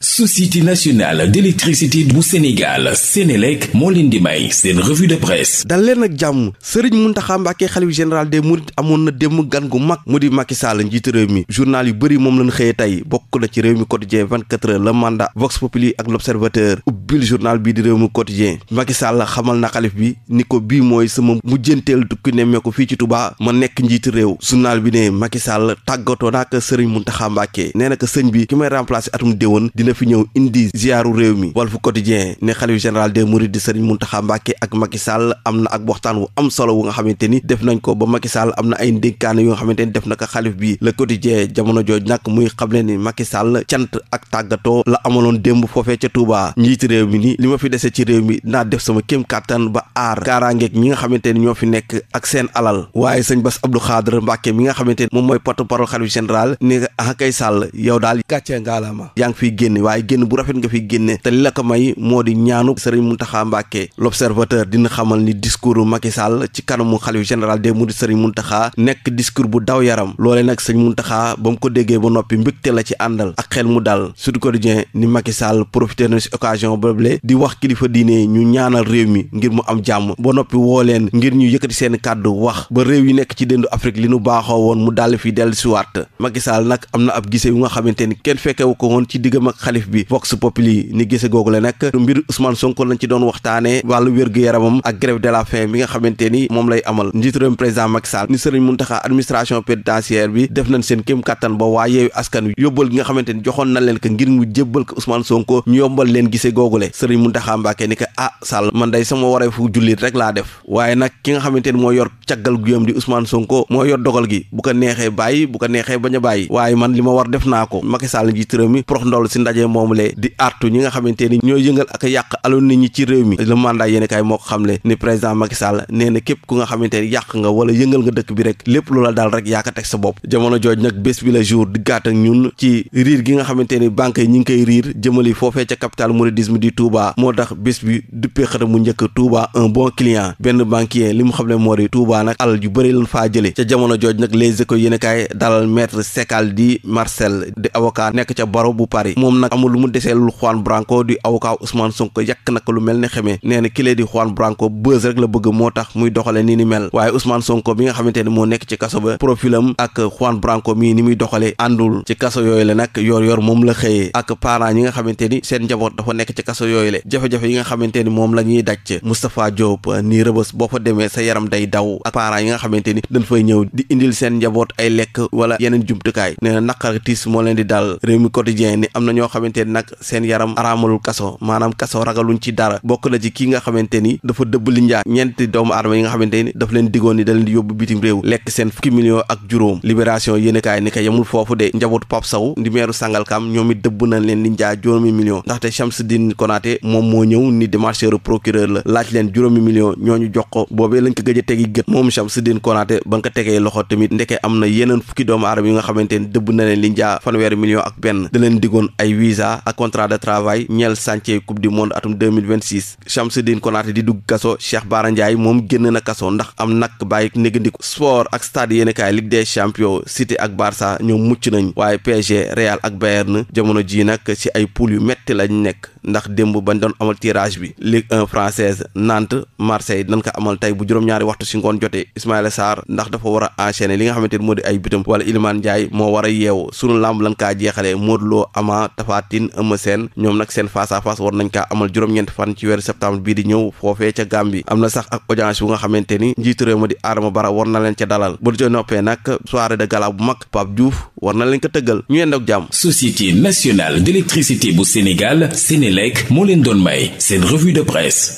société nationale d'électricité bu Sénégal Sénélec moo leen di may seen revue de presse dal leen ak jàmm sëriñ Muntaxa Mbàkke xalif général des Mourides amoon na dem gan gu mag mu di Macky Sall njiitu réew mi journal yu bëri moom lañ xëye tey bokk na ci réew mi quotidien 24 heures le mandat Vox Populi ak l'observateur ubbil journal bii di réew mi quotidien Macky Sall xamal na xalif bi ni ko bii mooy sama mujjënteel nemmee ko fii ci Touba ma nekk njiitu réew journal bi ne Macky Sall tàggatoo naa ak sëriñ Muntaxa nee na sëñ bi ki may remplacer atum déwoon la fi ñëw indi ziaru réew mi Walf Quotidien ne xalif général des mourides wu nga xamante ni def nañ ko ba Macky Sall am na ay ndénkaan yu xamante ni def na ko xalif bi Le Quotidien jamono jooj nag muy xam ne ni Macky Sall cant ak tàggatoo la amaloon démb foofee ca Touba njiiti réew mi ni li ma fi dese ci réew mi naa def sama kéem kàttan ba aar kaaraangeeg ñi nga xamante ni ñoo fi nekk ak seen alal waaye sañ Bass Abdou Khadre Mbacké mi nga xamante ni moom mooy porte-parole xalif général ni Akay ah Sall yow daal gàccee ngaalama yaa ngi fiy génn génne waaye génn bu rafet nga fi génne te li la ko may moo di ñaanu sëriñ Muntaxa Mbàkke l'observateur dina xamal ni discours Macky Sall ci kanamu xalif général des mourides sëriñ Muntaxa nekk discours bu daw yaram loolee nag sëriñ Muntaxa ba mu ko déggee ba noppi mbégte la ci àndal ak xel mu dal Sud Quotidien ni Macky Sall profité na si occasion boobule di wax kilifa diine ñu ñaanal réew mi ngir mu am jàmm ba noppi woo leen ngir ñu yëkkati seen kàddu wax ba réew yi nekk ci déndu Afrique li nu baaxoo woon mu dal fi dellusiwaat Macky Sall nag am na ab gisee yu nga xamante xalif bi vox populi ni gise googu la nag mbir Ousmane Sonko lañ ci doon waxtaane wàllu wér-gu-yaramam ak grève de la faim bi na leen ko ngir mu jébbal ko Ousmane Sonko ñu yombal leen gise googule Serigne Mountakha Mbacké ni ko ah Sall man day sama waree fu jullit rek laa def waaye nag ki nga xamante ni moo yor moo yor dogal gi bu ko neexee bàyyi bu ko neexee bañ a bàyyi waaye man li ma war def naa ko Macky Sall njiitu réew mi si ndaj ndaje moomule di artu ñi nga xamante ni ñooy yëngal ak yàq alal nit ñi ci réew mi le mandat yéeni moo ko xamle ni président Macky Sall nee na képp ku nga xamante ni yàq nga wala yëngal nga dëkk bi rek lépp loola daal rek yaa ko teg sa bopp jamono jooj nag bés bi la jour di gàtt ak ñun ci riir gi nga xamante ni banque yi ñu ngi koy riir jëmali foofee ca capital mouridisme di Touba moo tax bés bi duppee xëta mu njëkk tuuba un bon client benn banquier li mu xam ne moo di Touba nag alal ju bëri lan faa jële ca jamono jooj nag les écoles yéeni kaay dalal maître Sekal di Marcel di avocat nekk ca barreau bu Paris nag amul lu mu deseel lu Juan Branco di avocat Ousmane Sonko yàq naka lu mel ne xamee nee na di Juan Branco bës rek la bëgg moo tax muy doxale ni ni mel waaye Ousmane Sonko bi nga xamante ne moo nekk ci kaso ni muy doxale àndul ci kaso yooyu la nag yor yor moom la xëyee ak parents yi nga xamante ni seen njaboot dafa nekk ci kaso yooyu la jafe-jafe yi nga xamante ni moom la daj Moustapha Diop nii rëbës boo fa demee sa yaram day daw ak parents yi nga xamante ni dañ fay ñëw di indil seen njaboot ay lekk wala yeneen jumtukaay nee xamante ni nag seen yaram araamalul kaso maanaam kaso ragaluñ ci bokk na ci kii nga xamante ni dafa dëbb li njaay ñeenti doomu aadama yi nga xamante ni daf leen digoon ni da leen di yóbbu bitim réew lekk seen fukki million ak juróom libération yéenekaay ni ko yemul foofu de njabootu Pap Saw di meeru Sangalkam ñoom it dëbb nañ leen li njaay juróomi million ndaxte Chamsidine Konaté moom moo ñëw ni la laaj leen juróomi million ñooñu jox ko boobee lañ ko gëj a tegi gët moom Chamsidine Konaté ba nga ko tegee loxo tamit ndeke am na yeneen fukki doomu aadama yi nga xamante dëbb na leen li njaay fanweeri million ak benn da digoon ay visa ak contrat de travail ñeel chantier coupe du di dugg kaso Cheikh Bara moom génn na kaso ndax am nak bàyyi négandiku sport ak stade yéenekaay Ligue des champions City ak Barça ñoom mucc nañ waaye PSG Real ak Bayern jamono ji nag ci ay poule yu metti lañ nekk ndax démb bañ doon amal tirage bi Ligue 1 française Nantes Marseille dañ ko amal tey bu juróom-ñaari waxtu ci ngoon jotee Ismaïla Sarr ndax dafa war a enchaîner li nga xamante ne moo di ay bitam a Tapha Tine Eumeu Sène ñoom nag seen face à face war nañ kaa amal juróom-ñeent fan ci weeru septembre bii di ñëw foofee ca Gambie am na sax ak audience bu nga xamante ni njiitu réew ma di Adama Barrow war na leen ca dalal bu ca noppee nag soirée de gala bu mag Pape Diouf war na leen ko tëggal ñu yendoog jàmm Société nationale d'électricité bu Sénégal Sénélec moo leen doon may seen revue de presse